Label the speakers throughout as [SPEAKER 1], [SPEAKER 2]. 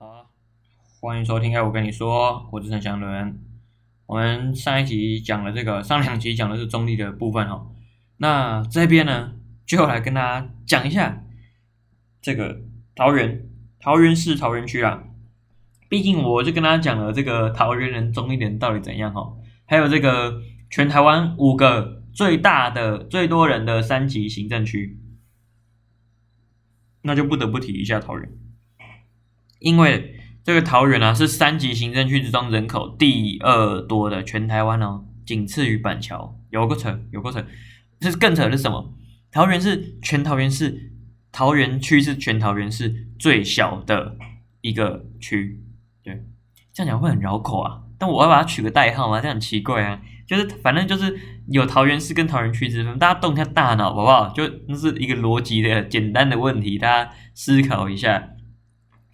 [SPEAKER 1] 好，歡迎收聽《哎，我跟你說》，我是陳祥倫。我們上一集講了這個，上兩集講的是中壢的部分哈。那這邊呢，就來跟大家講一下這個桃園，桃園市桃園區啊。畢竟我就跟大家講了這個桃園人中壢人到底怎樣哈，還有這個全台灣五個最大的、最多人的三級行政區，那就不得不提一下桃園。因為這個桃園啊，是三級行政區之中人口第二多的全台灣哦，僅次於板橋。有個城有個城，這是更扯的是什麼？桃園是全桃園市，桃園區是全桃園市最小的一個區，對，這樣講會很繞口啊。但我要把它取個代號啊，這很奇怪啊。就是反正就是有桃園市跟桃園區之分，大家動一下大腦好不好？就那是一個邏輯的簡單的問題，大家思考一下。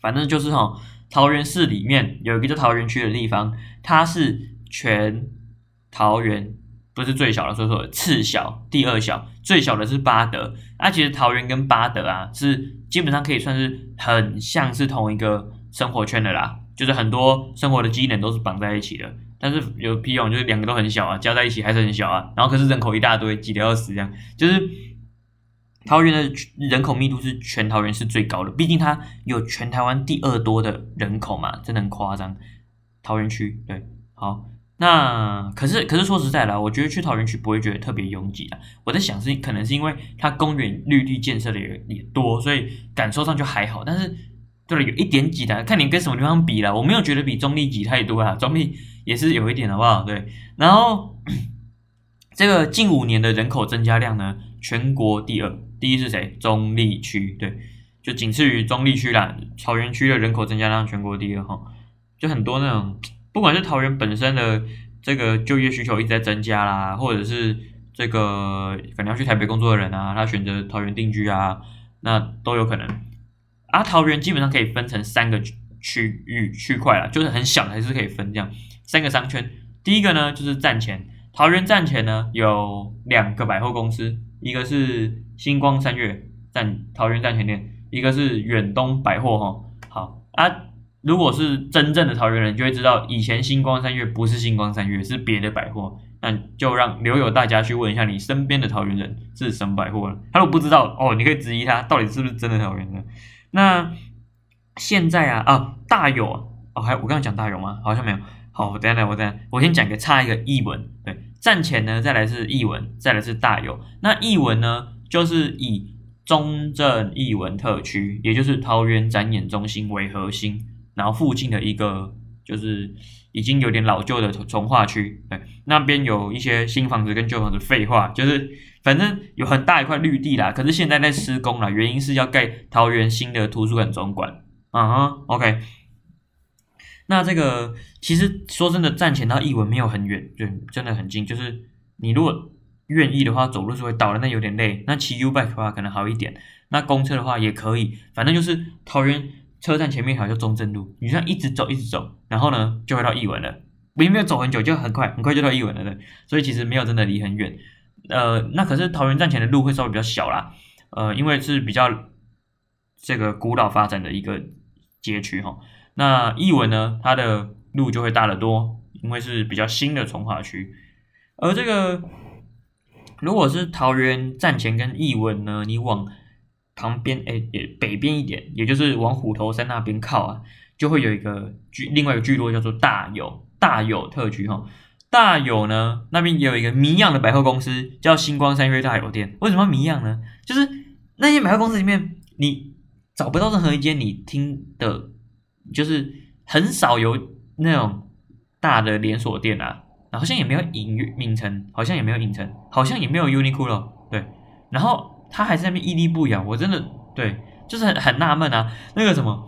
[SPEAKER 1] 反正就是哈，桃園市裡面有一個叫桃園區的地方，它是全桃園不是最小的，說說的，所以說次小、第二小，最小的是八德。那、啊、其實桃園跟八德啊，是基本上可以算是很像是同一個生活圈的啦，就是很多生活的機能都是綁在一起的。但是有屁用，就是兩個都很小啊，加在一起還是很小啊。然後可是人口一大堆，擠得要死這樣，就是。桃園的人口密度是全桃園市最高的，畢竟它有全台灣第二多的人口嘛，真的很誇張。桃園區對，好，那可是可是說實在啦，我覺得去桃園區不會覺得特別擁擠的。我在想是可能是因為它公園綠地建設的也，也多，所以感受上就還好。但是，對了，有一點擠的，看你跟什麼地方比了。我沒有覺得比中壢擠太多啊，中壢也是有一點好不好？對，然後這個近五年的人口增加量呢，全國第二。第一是誰？中壢區，對，就僅次於中壢區啦。桃園區的人口增加量全國第二哈，就很多那種，不管是桃園本身的這個就業需求一直在增加啦，或者是這個可能要去台北工作的人啊，他選擇桃園定居啊，那都有可能。啊，桃園基本上可以分成三個區域區塊啦，就是很小還是可以分這樣三個商圈。第一個呢就是站前，桃園站前呢有兩個百貨公司。一個是新光三越在桃園站前面，一個是遠東百貨哈。好啊，如果是真正的桃園人，就會知道以前新光三越不是新光三越，是別的百貨。那就讓留友大家去問一下你身邊的桃園人是什麼百貨了。他都不知道哦，你可以質疑他到底是不是真的桃園人。那現在啊啊大有，哦還我剛剛講大有嗎？好像沒有。好，我等一下等我等一下我先講個，先一個差一個譯文對。站前呢，再來是藝文，再來是大有。那藝文呢，就是以中正藝文特區，也就是桃園展演中心為核心，然後附近的一個就是已經有點老舊的重劃區，對，那邊有一些新房子跟舊房子。廢話，就是反正有很大一塊綠地啦，可是現在在施工啦，原因是要蓋桃園新的圖書館總館。啊。OK 那這個其實說真的，站前到藝文沒有很遠，就真的很近。就是你如果願意的話，走路是會到的，那有點累。那騎 U-Bike 的話可能好一點。那公車的話也可以，反正就是桃園車站前面好像中正路，你這樣一直走一直走，然後呢就會到藝文了。並沒有走很久，就很快很快就到藝文了的。所以其實沒有真的離很遠。呃，那可是桃園站前的路會稍微比較小啦，呃，因為是比較這個古老發展的一個街區哈、哦。那藝文呢，它的路就會大得多，因為是比較新的重劃區。而這個如果是桃園站前跟藝文呢，你往旁邊哎、欸、也北邊一點，也就是往虎頭山那邊靠啊，就會有一個聚，另外一個聚落叫做大有，大有特區哈。大有呢，那邊也有一個謎樣的百貨公司，叫新光三越大有店。為什麼謎樣呢？就是那些百貨公司裡面，你找不到任何一間你聽的。就是很少有那種大的連鎖店啊，然後好像也沒有影影城，好像也沒有影城，好像也沒有 Uniqlo。對，然後他還是那邊屹立不搖。我真的對，就是很很納悶啊。那個什麼，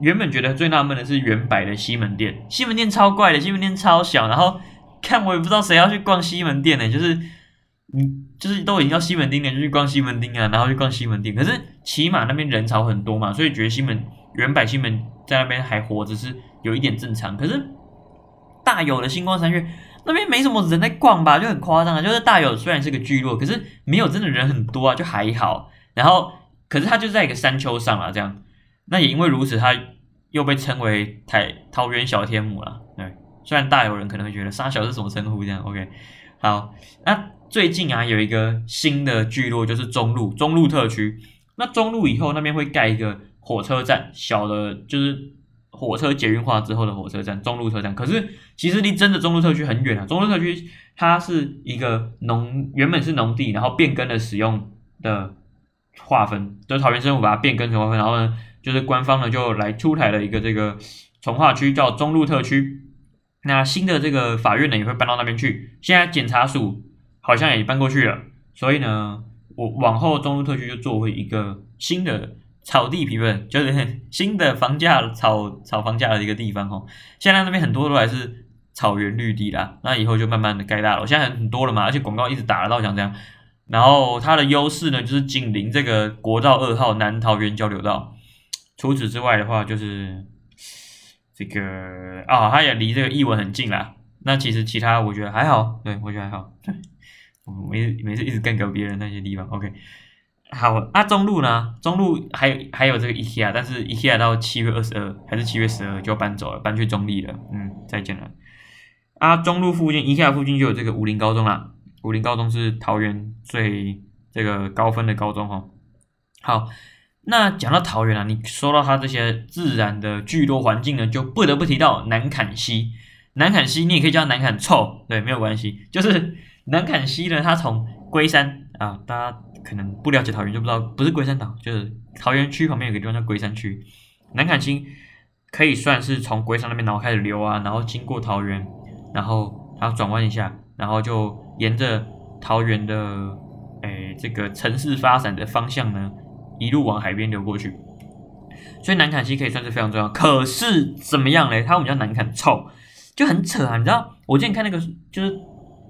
[SPEAKER 1] 原本覺得最納悶的是遠百的西門店，西門店超怪的，西門店超小。然後看我也不知道誰要去逛西門店呢？欸，就是嗯，就是都已經到西門町了，就去逛西門町啊，然後去逛西門町。可是起碼那邊人潮很多嘛，所以覺得西門。原百姓們在那邊還活着是有一點正常，可是大有的新光三越那邊沒什麼人在逛吧，就很誇張啊！就是大有雖然是個聚落，可是沒有真的人很多啊，就還好。然後，可是他就在一個山丘上啦，這樣，那也因為如此，他又被稱為台“台桃園小天母”了。對，雖然大有人可能會覺得“沙小”是什麼稱呼，這樣 OK。好，那最近啊，有一個新的聚落，就是中路中路特區。那中路以後那邊會蓋一個。火車站小的，就是火車捷運化之後的火車站，中路車站。可是其實離真的中路特區很遠啊。中路特區它是一個農，原本是農地，然後變更了使用的劃分，就是桃園政府把它變更成劃分，然後呢，就是官方呢就來出台了一個這個重劃區叫中路特區。那新的這個法院呢也會搬到那邊去，現在檢察署好像也搬過去了，所以呢，我往後中路特區就作為一個新的。草地平分就是很新的房價炒炒房價的一個地方哦。現在那邊很多都還是草原綠地啦，那以後就慢慢的蓋大樓，現在很很多了嘛，而且廣告一直打了到講這樣。然後它的優勢呢就是緊鄰這個國道二號南桃園交流道。除此之外的話就是這個啊、哦，它也離這個藝文很近啦。那其實其他我覺得還好，對，我覺得還好，我沒沒事一直幹搞別人那些地方，OK。好，啊，中路呢？中路還有還有這個 IKEA，但是 IKEA 到七月二十二還是七月十二就要搬走了，搬去中壢了。嗯，再見了。啊，中路附近，IKEA 附近就有這個武陵高中啦。武陵高中是桃園最這個高分的高中哈、哦。好，那講到桃園啊，你說到它這些自然的居多環境呢，就不得不提到南崁溪。南崁溪你也可以叫它南崁臭，對，沒有關係，就是南崁溪呢，它從龜山。啊，大家可能不了解桃園，就不知道不是龜山島，就是桃園區旁邊有個地方叫龜山區。南崁溪可以算是從龜山那邊然後開始流啊，然後經過桃園，然後然後轉彎一下，然後就沿着桃園的哎、欸，這個城市發展的方向呢，一路往海邊流過去。所以南崁溪可以算是非常重要。可是怎麼樣嘞？它我們叫南崁臭，就很扯啊！你知道我之前看那個就是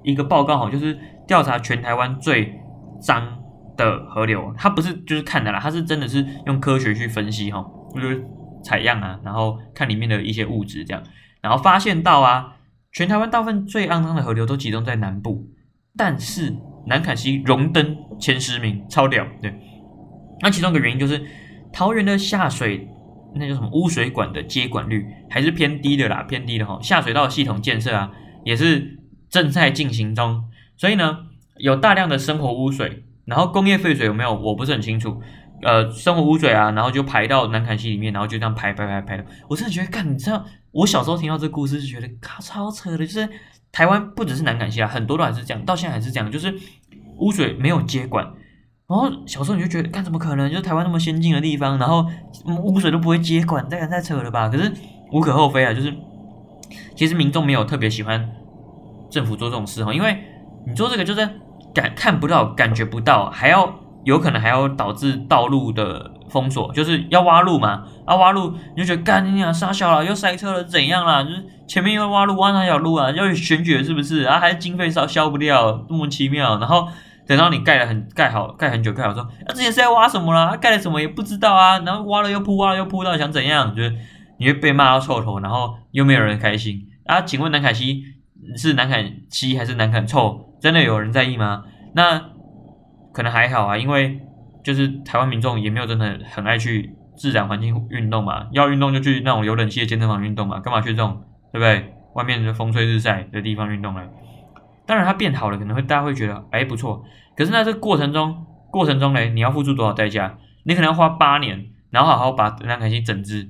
[SPEAKER 1] 一個報告哦，就是調查全台灣最。髒的河流，它不是就是看的啦，它是真的是用科學去分析哈，就是採樣啊，然後看裡面的一些物質這樣，然後發現到啊，全台灣大部分最骯髒的河流都集中在南部，但是南崁溪榮登前十名，超屌，對。那其中一個原因就是桃園的下水，那叫什麼污水管的接管率還是偏低的啦，偏低的哈，下水道系統建設啊也是正在進行中，所以呢。有大量的生活污水，然後工業廢水有沒有？我不是很清楚。呃，生活污水啊，然後就排到南崁溪裡面，然後就這樣排排排排的。我真的覺得，幹，你知道，我小時候聽到這故事就覺得，靠超扯的。就是台灣不只是南崁溪啊，很多都還是這樣，到現在還是這樣，就是污水沒有接管。然後小時候你就覺得，幹怎麼可能？就是、台灣那麼先進的地方，然後污水都不會接管，這個太扯了吧？可是無可厚非啊，就是其實民眾沒有特別喜歡政府做這種事，因為你做這個就是。感看不到，感覺不到，還要有可能還要導致道路的封鎖，就是要挖路嘛？啊，挖路你就覺得幹你啊，殺小了又塞車了，怎樣啦？就是前面又挖路挖殺小路啊，又要選舉是不是啊？還是經費燒消，消不掉，多麼奇妙！然後等到你蓋了很蓋好蓋很久蓋好，之後，啊，之前是在挖什麼了？他、啊、蓋了什麼也不知道啊。然後挖了又鋪，挖了又鋪，到想怎樣？就是你會被罵到臭頭，然後又沒有人開心啊？請問南凱西你是南凱西還是南凱臭？真的有人在意嗎？那可能還好啊，因為就是台灣民眾也沒有真的很愛去自然環境運動嘛，要運動就去那種有冷氣的健身房運動嘛，幹嘛去這種對不對？外面的風吹日曬的地方運動呢。當然它變好了，可能會大家會覺得，哎不錯。可是那這過程中，過程中嘞，你要付出多少代價？你可能要花八年，然後好好把南崁溪整治。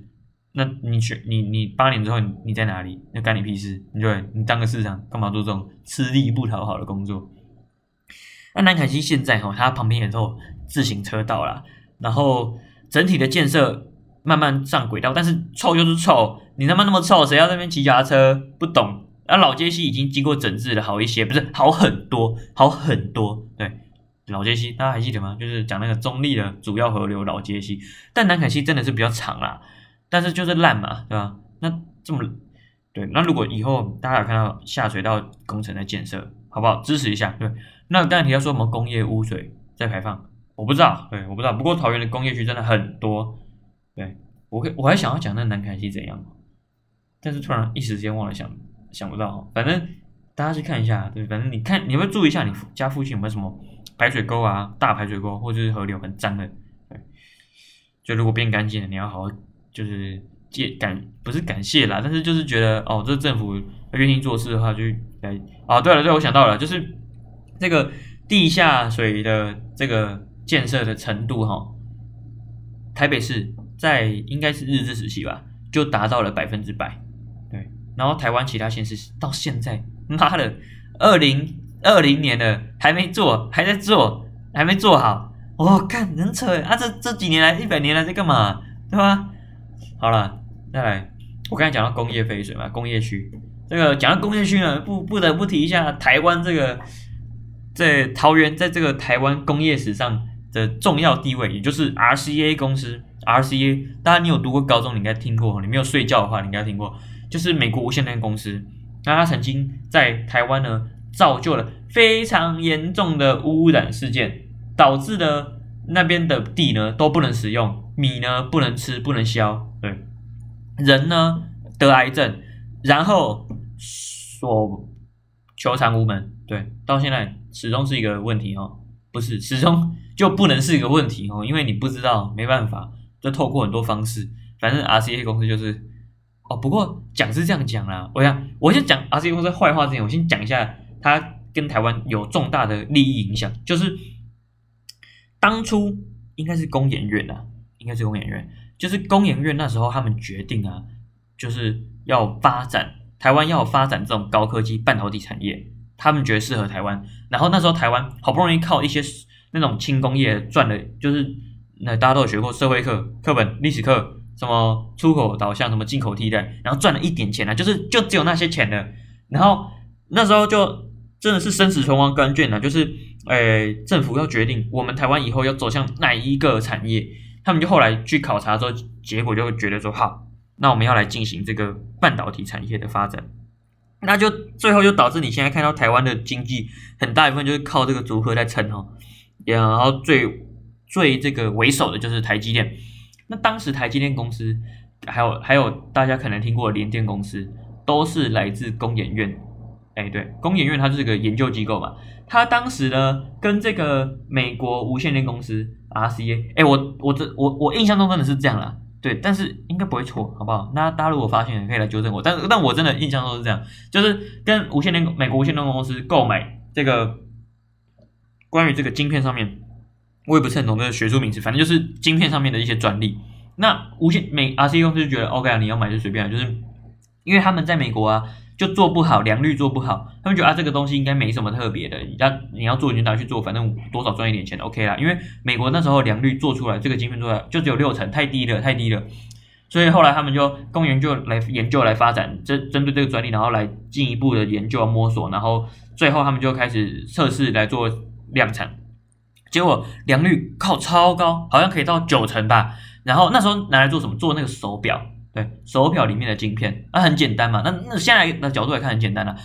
[SPEAKER 1] 那你去，你你八年之後，你你在哪裡？那干你屁事？你對你當個市長，幹嘛做這種吃力不討好的工作？那、啊、南崁溪現在哈、哦，它旁邊也是有自行車道啦。然後整體的建設慢慢上軌道，但是臭就是臭，你他媽那麼臭，誰要那邊騎腳踏車？不懂。那、啊、老街溪已經經過整治的好一些，不是好很多，好很多。對，老街溪大家還記得嗎？就是講那個中壢的主要河流老街溪，但南崁溪真的是比較長啦，但是就是爛嘛，對吧？那這麼對，那如果以後大家有看到下水道工程的建設。好不好？支持一下，對。那剛才提到說我們工業污水在排放，我不知道，對，我不知道。不過桃園的工業區真的很多，對。我我我還想要講那南崁溪怎樣，但是突然一時間忘了想，想不到。反正大家去看一下，對，反正你看你要注意一下你家附近有沒有什麼排水溝啊，大排水溝或者是河流很髒的，對。就如果變乾淨了，你要好好就是借感不是感謝啦，但是就是覺得哦，這政府願意做事的話就。哦、啊，對了，對了，我想到了，就是這個地下水的這個建設的程度哈，台北市在應該是日治時期吧，就達到了百分之百，對，然後台灣其他縣市到現在，媽的，二零二零年了還沒做，還在做，還沒做好，我、哦、看，很扯啊！這這幾年來一百年來在幹嘛，對吧？好了，再來，我剛才講到工業廢水嘛，工業區。這個講到工業區呢，不不得不提一下台灣這個在桃園，在這個台灣工業史上的重要地位，也就是 RCA 公司，RCA。當然你有讀過高中，你應該聽過；你沒有睡覺的話，你應該聽過。就是美國無線電公司，那他曾經在台灣呢造就了非常嚴重的污染事件，導致呢那邊的地呢都不能使用，米呢不能吃，不能消，對，人呢得癌症，然後。說、so, 求償無門，對，到現在始終是一個問題哦。不是始終就不能是一個問題哦，因為你不知道，沒辦法。就透過很多方式，反正 RCA 公司就是哦。不過講是這樣講啦、啊，我想我先講 RCA 公司壞話之前，我先講一下他跟台灣有重大的利益影響，就是當初應該是工研院啊，應該是工研院，就是工研院那時候他們決定啊，就是要發展。台灣要發展這種高科技半導體產業，他們覺得適合台灣。然後那時候台灣好不容易靠一些那種輕工業賺了，就是那大家都有學過社會課課本、歷史課，什麼出口導向，什麼進口替代，然後賺了一點錢啊，就是就只有那些錢了。然後那時候就真的是生死存亡關卷鍵了、啊，就是誒、欸、政府要決定我們台灣以後要走向哪一個產業，他們就後來去考察的時候，結果就會覺得說好。那我們要來進行這個半導體產業的發展，那就最後就導致你現在看到台灣的經濟很大一部分就是靠這個竹科在撐哦，然後最最這個為首的就是台積電。那當時台積電公司還有還有大家可能聽過的聯電公司，都是來自工研院。哎，對，工研院它是一個研究機構嘛，它當時呢跟這個美國無線電公司 RCA，哎，我我這我我印象中真的是這樣啦、啊。對，但是應該不會錯，好不好？那大,大家如果發現，也可以來糾正我。但但我真的印象中是這樣，就是跟無線電美國無線電公司購買這個關於這個晶片上面，我也不是很懂這個學術名詞，反正就是晶片上面的一些專利。那無線美 RC 公司就覺得、哦、OK 啊，你要買就隨便，就是因為他們在美國啊。就做不好良率做不好，他們覺得啊這個東西應該沒什麼特別的，你要你要做你就拿去做，反正多少賺一點錢 OK 啦。因為美國那時候良率做出來這個晶片做出來就只有六成，太低了太低了，所以後來他們就工人就來研究來發展針針對這個專利，然後來進一步的研究摸索，然後最後他們就開始測試來做量產，結果良率靠超高，好像可以到九成吧。然後那時候拿來做什麼？做那個手表。對手錶裡面的晶片，那、啊、很簡單嘛，啊、那那現在的角度來看很簡單了、啊，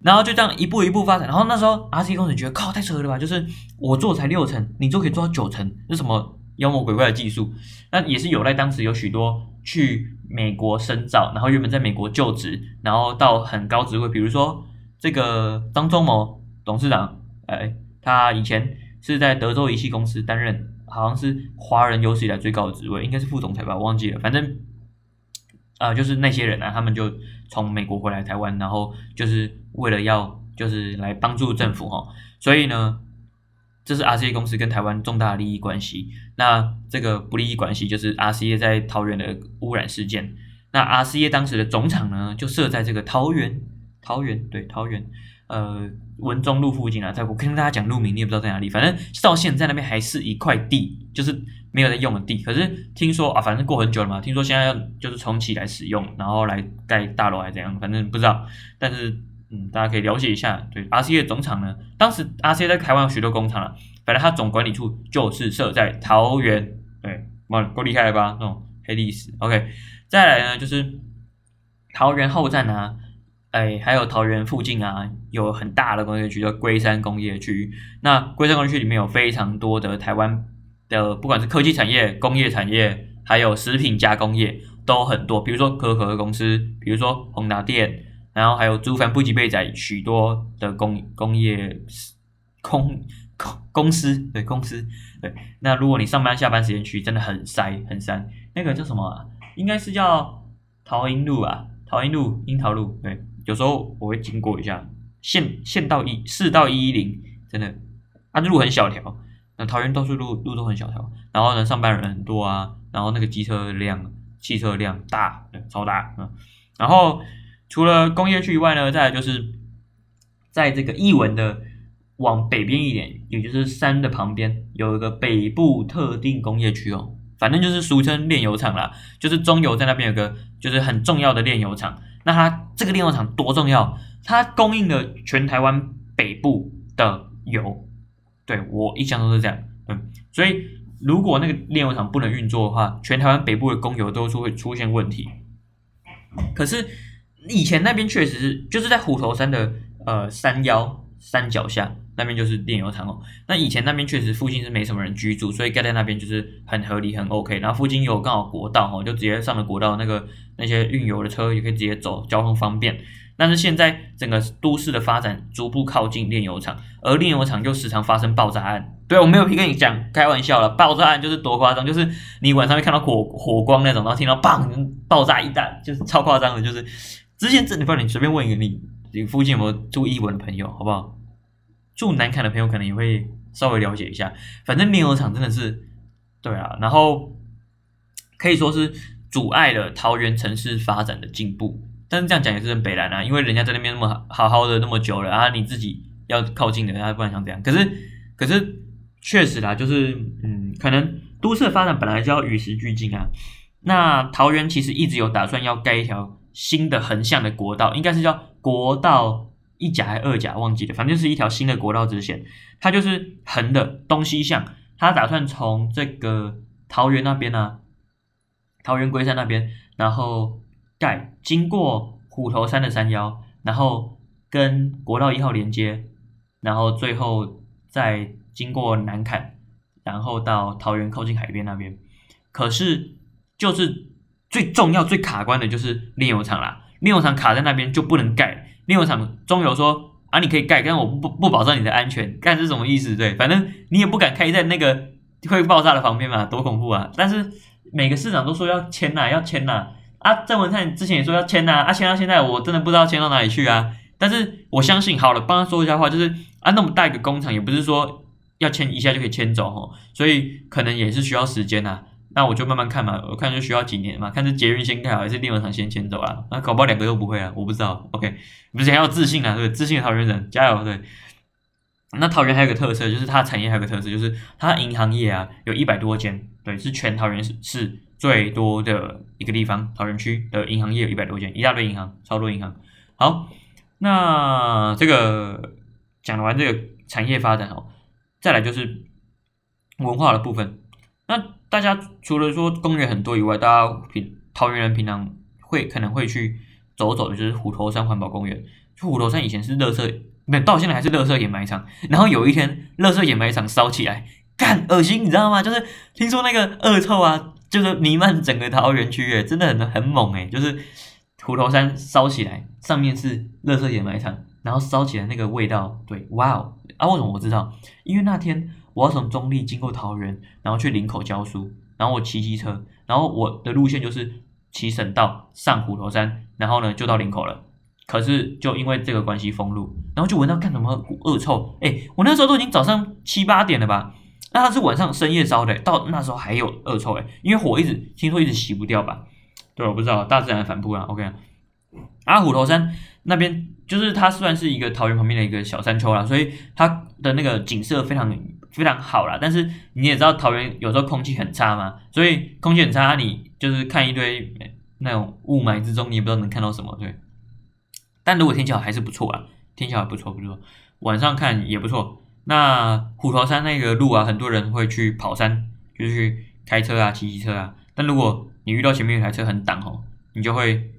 [SPEAKER 1] 然後就這樣一步一步發展，然後那時候 RC 公司覺得靠太扯了吧，就是我做才六成，你就可以做到九成，這是什麼妖魔鬼怪的技術？那也是有賴當時有許多去美國深造，然後原本在美國就職，然後到很高職位，比如說這個張忠謀董事長，哎，他以前是在德州儀器公司擔任，好像是華人有史以來最高的職位，應該是副總裁吧，我忘記了，反正。啊、呃，就是那些人啊，他們就從美國回來台灣，然後就是為了要，就是來幫助政府哈、哦。所以呢，這是 RCA 公司跟台灣重大利益關係。那這個不利益關係就是 RCA 在桃園的污染事件。那 RCA 當時的總廠呢，就設在這個桃園，桃園對桃園，呃，文中路附近啊，在我跟大家講路名，你也不知道在哪裡，反正到現在那邊還是一塊地，就是。沒有在用的地，可是聽說啊，反正過很久了嘛。聽說現在要就是重啟來使用，然後來蓋大樓還是怎樣，反正不知道。但是嗯，大家可以了解一下。對，RCA 總廠呢，當時 RCA 在台灣有許多工廠了、啊，本來它總管理處就是設在桃園。對，哇，夠厲害了吧？那、哦、種黑歷史。OK，再來呢，就是桃園後站啊，哎，還有桃園附近啊，有很大的工業區叫、就是、龜山工業區。那龜山工業區裡面有非常多的台灣。的不管是科技產業、工業產業，還有食品加工業都很多，比如說可口可樂公司，比如說宏達電，然後還有族繁不及備載許多的工工業空公公司對，公司對。那如果你上班下班時間去，真的很塞很塞。那個叫什麼？應該是叫桃鶯路啊，桃鶯路、鶯桃路對。有時候我會經過一下，縣縣道一，市道一一零，真的，那路很小條。那桃園到處路路都很小條，然後呢，上班人很多啊，然後那個機車的量、汽車的量大，超大，嗯，然後除了工業區以外呢，再來，就是在這個藝文的往北邊一點，也就是山的旁邊，有一個北部特定工業區哦，反正就是俗稱煉油廠啦，就是中油在那邊有個，就是很重要的煉油廠。那它這個煉油廠多重要？它供應了全台灣北部的油。對我一向都是這樣，嗯，所以如果那個煉油廠不能運作的話，全台灣北部的供油都是會出現問題。可是以前那邊確實是就是在虎頭山的呃山腰山腳下那邊就是煉油廠哦，那以前那邊確實附近是沒什麼人居住，所以蓋在那邊就是很合理很 OK。然後附近有剛好國道哦，就直接上了國道，那個那些運油的車也可以直接走，交通方便。但是現在整個都市的發展逐步靠近煉油廠，而煉油廠又時常發生爆炸案。對，我沒有跟你講，開玩笑了。爆炸案就是多誇張，就是你晚上會看到火火光那種，然後聽到砰爆炸一彈，就是超誇張的。就是之前真的，不知道，你隨便問一個你，你附近有沒有住藝文的朋友，好不好？住南崁的朋友可能也會稍微了解一下。反正煉油廠真的是對啊，然後可以說是阻礙了桃園城市發展的進步。但是這樣講也是很北藍啊，因為人家在那邊那麼好好的那麼久了啊，你自己要靠近人家，啊，不然想怎樣？可是，可是確實啦，啊，就是嗯，可能都市的發展本來就要與時俱進啊。那桃園其實一直有打算要蓋一條新的橫向的國道，應該是叫國道一甲還二甲忘記了，反正就是一條新的國道直線，它就是橫的東西向，它打算從這個桃園那邊啊，桃園龜山那邊，然後。蓋經過虎頭山的山腰，然後跟國道一號連接，然後最後再經過南崁，然後到桃園靠近海邊那邊。可是就是最重要最卡關的就是煉油廠啦，煉油廠卡在那邊就不能蓋。煉油廠中油說啊，你可以蓋，但我不不保障你的安全，蓋是什麼意思？對，反正你也不敢開在那個會爆炸的旁邊嘛，多恐怖啊！但是每個市長都說要遷哪，要遷哪啊，鄭文燦之前也說要遷吶、啊，啊遷到現在我真的不知道遷到哪裡去啊。但是我相信，好了，幫他說一下話，就是啊，那麼大一個工廠，也不是說要遷一下就可以遷走吼，所以可能也是需要時間吶、啊。那我就慢慢看嘛，我看就需要幾年嘛，看是捷運先開，還是外文廠先遷走啊？那、啊、搞不好兩個都不會啊，我不知道。OK，不是前要有自信啊，對，自信桃園人，加油對。那桃園還有個特色，就是它產業還有個特色，就是它銀行業啊，有一百多間，對，是全桃園市。是。最多的一個地方，桃園區的銀行業有一百多間，一大堆銀行，超多銀行。好，那這個講完這個產業發展哦，再來就是文化的部分。那大家除了說公園很多以外，大家平，桃園人平常會可能會去走走，就是虎頭山環保公園。就虎頭山以前是垃圾，到現在還是垃圾掩埋場，然後有一天，垃圾掩埋場燒起來，幹惡心，你知道嗎？就是聽說那個惡臭啊。就是彌漫整個桃園區域，真的很很猛哎！就是虎頭山燒起來，上面是樂色掩埋場，然後燒起來那個味道，對，哇、wow、哦啊！為什麼我知道？因為那天我要從中壢經過桃園，然後去林口教書，然後我騎機車，然後我的路線就是騎省道上虎頭山，然後呢就到林口了。可是就因為這個關係封路，然後就聞到幹什麼惡臭？哎、欸，我那時候都已經早上七八點了吧。那它是晚上深夜燒的、欸，到那時候還有惡臭誒、欸，因為火一直聽說一直洗不掉吧？對，我不知道，大自然反撲啊。OK，阿、啊、虎頭山那邊就是它算是一個桃園旁邊的一個小山丘啦，所以它的那個景色非常非常好啦，但是你也知道桃園有時候空氣很差嘛，所以空氣很差，你就是看一堆那種霧霾之中，你也不知道能看到什麼對。但如果天氣好還是不錯啊，天氣好還不錯不錯，晚上看也不錯。那虎頭山那個路啊，很多人會去跑山，就是去開車啊、騎機車啊。但如果你遇到前面有台車很擋吼，你就會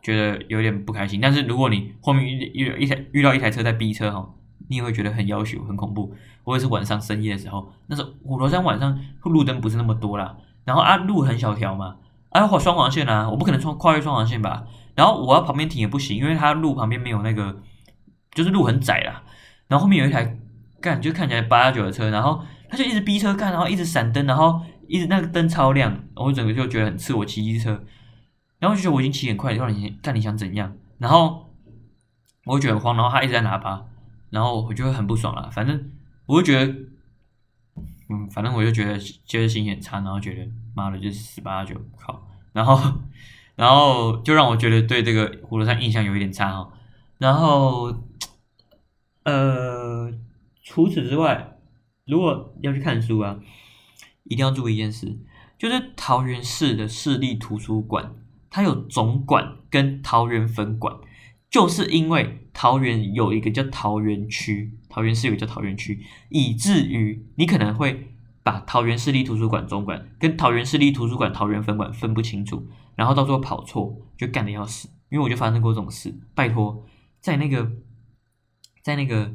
[SPEAKER 1] 覺得有點不開心。但是如果你後面遇一一台，一台遇到一台車在逼車吼，你也會覺得很要求，很恐怖。或者是晚上深夜的時候，那是虎頭山晚上路燈不是那麼多啦，然後啊路很小條嘛，啊或雙黃線啊，我不可能穿跨越雙黃線吧。然後我要旁邊停也不行，因為它路旁邊沒有那個，就是路很窄啦。然後後面有一台。幹，就看起來八九的車，然後他就一直逼車幹，然後一直閃燈，然後一直那個燈超亮，我整個就覺得很刺。我騎機車，然後就覺得我已經騎很快了，讓你看你想怎樣。然後我就覺得慌，然後他一直在喇叭，然後我就很不爽了。反正我就覺得，嗯，反正我就覺得其實心情很差，然後覺得媽的就十八九靠，然後然後就讓我覺得對這個葫蘆山印象有一點差哦，然後呃。除此之外，如果要去看書啊，一定要注意一件事，就是桃園市的市立圖書館，它有總館跟桃園分館，就是因為桃園有一個叫桃園區，桃園市有一個叫桃園區，以至於你可能會把桃園市立圖書館總館跟桃園市立圖書館桃園分館分不清楚，然後到時候跑錯，就幹得要死，因為我就發生過這種事。拜託，在那個，在那個。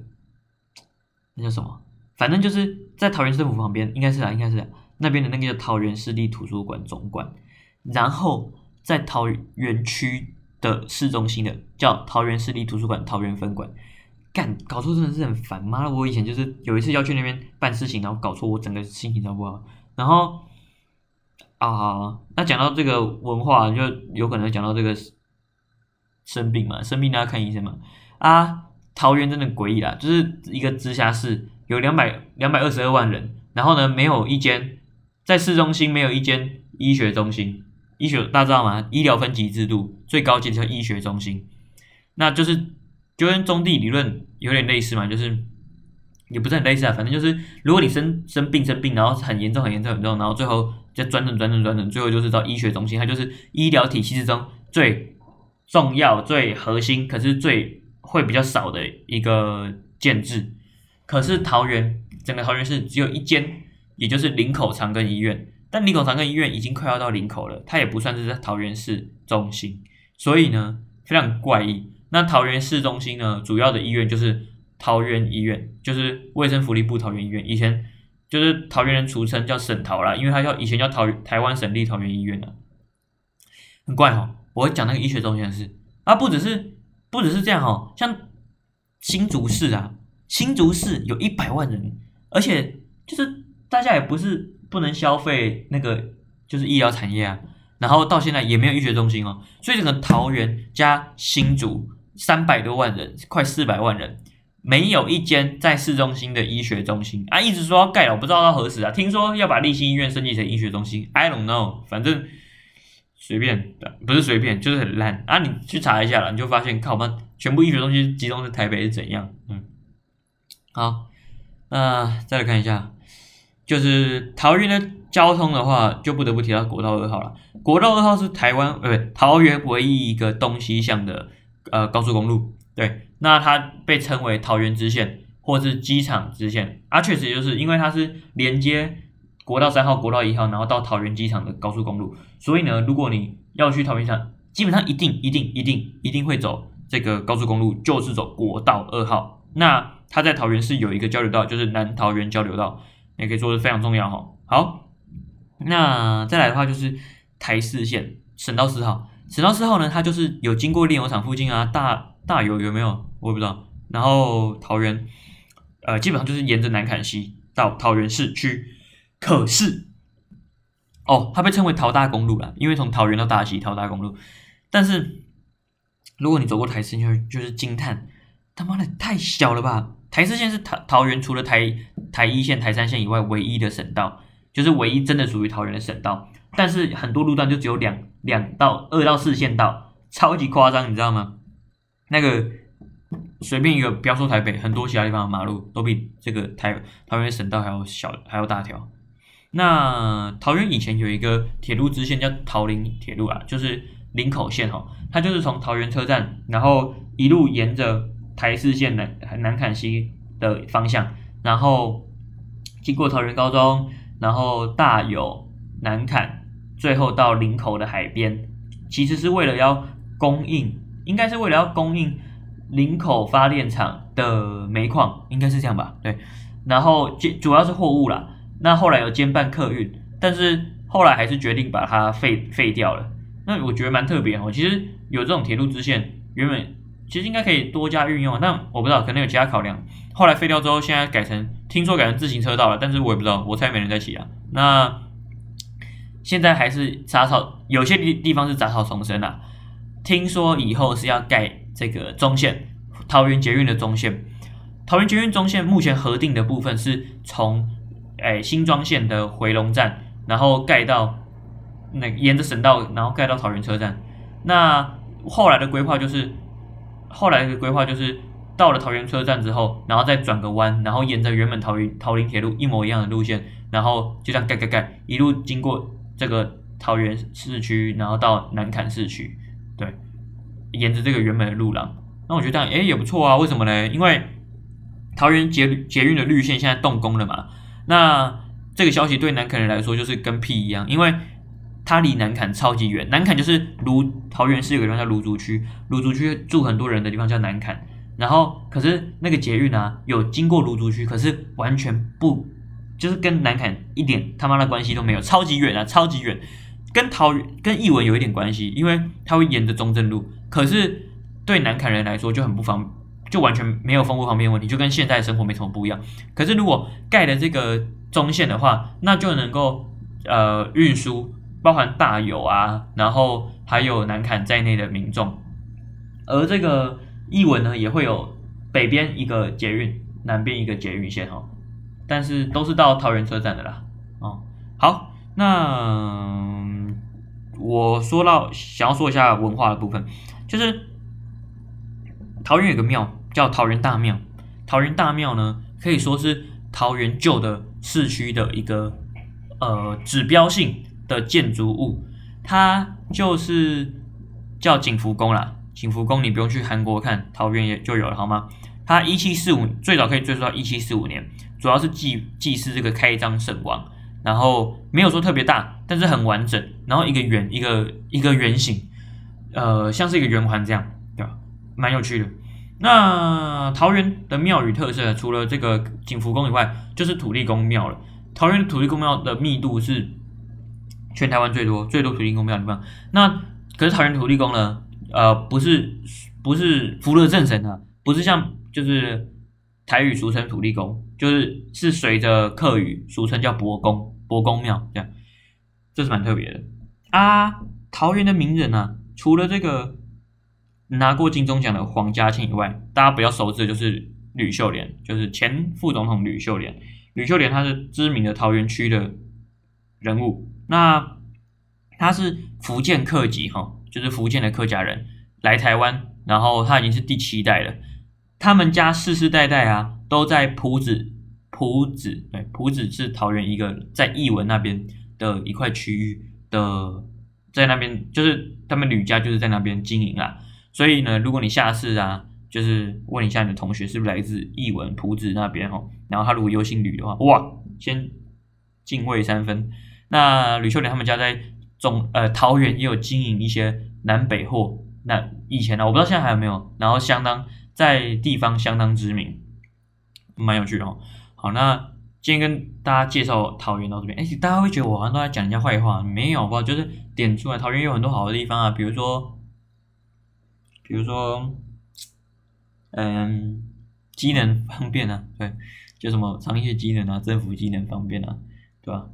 [SPEAKER 1] 那叫什麼？反正就是在桃園市政府旁邊，應該是啊，應該是啊，那邊的那個叫桃園市立圖書館總館，然後在桃園區的市中心的叫桃園市立圖書館桃園分館。幹，搞錯真的是很煩嘛！我以前就是有一次要去那邊辦事情，然後搞錯，我整個心情超不好。然後啊，那講到這個文化，就有可能講到這個生病嘛，生病大家看醫生嘛，啊。桃園真的詭異啦，就是一個直轄市，有兩百兩百二十二萬人，然後呢，沒有一間，在市中心沒有一間醫學中心。醫學大家知道嗎？醫療分級制度最高級的叫醫學中心，那就是就跟中地理論有點類似嘛，就是也不是很類似啊，反正就是如果你生生病生病，然後很嚴重很嚴重很嚴重，然後最後就轉診轉診轉診，最後就是到醫學中心，它就是醫療體系之中最重要最核心，可是最。會比較少的一個建製，可是桃園整個桃園市只有一間，也就是林口長庚醫院，但林口長庚醫院已經快要到林口了，它也不算是在桃園市中心，所以呢，非常怪異。那桃園市中心呢，主要的醫院就是桃園醫院，就是衛生福利部桃園醫院，以前就是桃園人俗稱叫省桃啦，因為它叫以前叫桃台灣省立桃園醫院呢，很怪哦，我會講那個醫學中心的事啊，不只是。不只是這樣哈、哦，像新竹市啊，新竹市有一百萬人，而且就是大家也不是不能消費那個就是醫療產業啊，然後到現在也沒有醫學中心哦，所以整個桃園加新竹三百多萬人，快四百萬人，沒有一間在市中心的醫學中心啊，一直說要蓋，我不知道到何時啊，聽說要把立新醫院升級成醫學中心，I don't know，反正。隨便，不是隨便，就是很爛啊！你去查一下了，你就發現，靠媽，全部醫學東西集中在台北是怎樣？嗯，好，那、呃、再來看一下，就是桃園的交通的話，就不得不提到國道二號了。國道二號是台灣呃，不，桃園唯一一個東西向的呃高速公路，對，那它被稱為桃園支線或是機場支線啊，確實就是因為它是連接。國道三號、國道一號，然後到桃園機場的高速公路。所以呢，如果你要去桃園機場，基本上一定、一定、一定、一定會走這個高速公路，就是走國道二號。那它在桃園市有一個交流道，就是南桃園交流道，也可以說是非常重要哈。好，那再來的話就是台四線省道四號，省道四號呢，它就是有經過煉油廠附近啊，大大有有沒有我也不知道。然後桃園，呃，基本上就是沿着南崁溪到桃園市區。可是，哦，它被稱為桃大公路了，因為從桃園到大溪，桃大公路。但是，如果你走過台四線，就是驚嘆，他媽的太小了吧！台四線是桃桃園除了台台一線、台三線以外唯一的省道，就是唯一真的屬於桃園的省道。但是很多路段就只有兩兩到二到四線道，超級誇張，你知道嗎？那個隨便一個，不要說台北，很多其他地方的馬路都比這個台桃園省道還要小，還要大條。那桃園以前有一個鐵路支線叫桃林鐵路啊，就是林口線哈，它就是從桃園車站，然後一路沿着台四線南南崁西的方向，然後經過桃園高中，然後大有南崁，最後到林口的海邊，其實是為了要供應，應該是為了要供應林口發電廠的煤礦，應該是這樣吧？對，然後主要是貨物啦。那後來有兼辦客運，但是後來還是決定把它廢廢掉了。那我覺得蠻特別哦。其實有這種鐵路支線，原本其實應該可以多加運用，但我不知道可能有其他考量。後來廢掉之後，現在改成聽說改成自行車道了，但是我也不知道，我猜沒人在騎啊。那現在還是雜草，有些地地方是雜草叢生了啊。聽說以後是要蓋這個中線桃園捷運的中線，桃園捷運中線目前核定的部分是從。哎，新莊線的回龍站，然後蓋到那沿着省道，然後蓋到桃園車站。那後來的規劃就是，後來的規劃就是到了桃園車站之後，然後再轉個彎，然後沿着原本桃園桃林鐵路一模一樣的路線，然後就這樣蓋蓋蓋，一路經過這個桃園市區，然後到南崁市區，對，沿着這個原本的路廊。那我覺得這樣哎也不錯啊，為什麼呢？因為桃園捷捷運的綠線現在動工了嘛。那這個消息對南崁人來說就是跟屁一樣，因為它離南崁超級遠。南崁就是蘆，桃園市有一個地方叫蘆竹區，蘆竹區住很多人的地方叫南崁。然後，可是那個捷運啊，有經過蘆竹區，可是完全不就是跟南崁一點他媽的關係都沒有，超級遠啊，超級遠。跟桃園跟藝文有一點關係，因為它會沿着中正路，可是對南崁人來說就很不方便。就完全沒有烽火旁邊問題，就跟現在生活沒什麼不一樣。可是如果蓋了這個中線的話，那就能夠呃運輸，包含大有啊，然後還有南崁在內的民眾。而這個藝文呢，也會有北邊一個捷運，南邊一個捷運線哦，但是都是到桃園車站的啦。哦，好，那我說到想要說一下文化的部分，就是桃園有個廟。叫桃園大廟，桃園大廟呢可以說是桃園舊的市區的一個呃指標性的建築物，它就是叫景福宮啦。景福宮你不用去韓國看，桃園也就有了好嗎？它一七四五最早可以追溯到一七四五年，主要是祭祭祀這個開漳聖王，然後沒有說特別大，但是很完整，然後一個圓一個一個圓形，呃像是一個圓環這樣，對吧？蠻有趣的。那桃園的廟宇特色，除了這個景福宮以外，就是土地公廟了。桃園土地公廟的密度是全台灣最多，最多土地公廟的地方。那可是桃園土地公呢？呃，不是不是福德正神啊，不是像就是台語俗稱土地公，就是是隨着客語俗稱叫伯公伯公廟這樣，這是蠻特別的啊。桃園的名人呢、啊，除了這個。拿過金鐘獎的黃嘉慶以外，大家比較熟知的就是呂秀蓮，就是前副總統呂秀蓮。呂秀蓮他是知名的桃園區的人物，那他是福建客籍哈，就是福建的客家人來台灣，然後他已經是第七代了。他們家世世代代啊，都在埔子埔子，對，埔子是桃園一個在藝文那邊的一塊區域的，在那邊就是他們呂家就是在那邊經營啊。所以呢，如果你下次啊，就是問一下你的同學是不是來自藝文埔子，那邊哈，然後他如果有姓呂的話，哇，先敬畏三分。那呂秀蓮他們家在中呃桃園也有經營一些南北貨，那以前呢、啊、我不知道現在還有沒有，然後相當在地方相當知名，蠻有趣的哈、哦。好，那今天跟大家介紹桃園到這邊，哎，大家會覺得我好像都在講人家壞話，沒有吧？就是點出來、啊、桃園有很多好的地方啊，比如說。比如說，嗯，機能方便啊，對，就什麼商業機能啊，政府機能方便啊，對吧？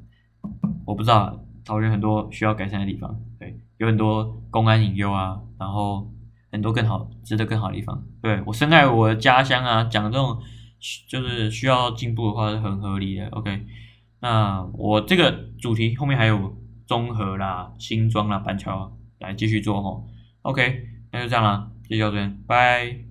[SPEAKER 1] 我不知道，討論很多需要改善的地方，對，有很多公安隱憂啊，然後很多更好、值得更好的地方。對，我深愛我的家鄉啊，講這種就是需要進步的話是很合理的。OK，那我這個主題後面還有綜合啦、新莊啦、板橋啊，來繼續做哦，OK。那就這樣了，謝謝收聽，拜。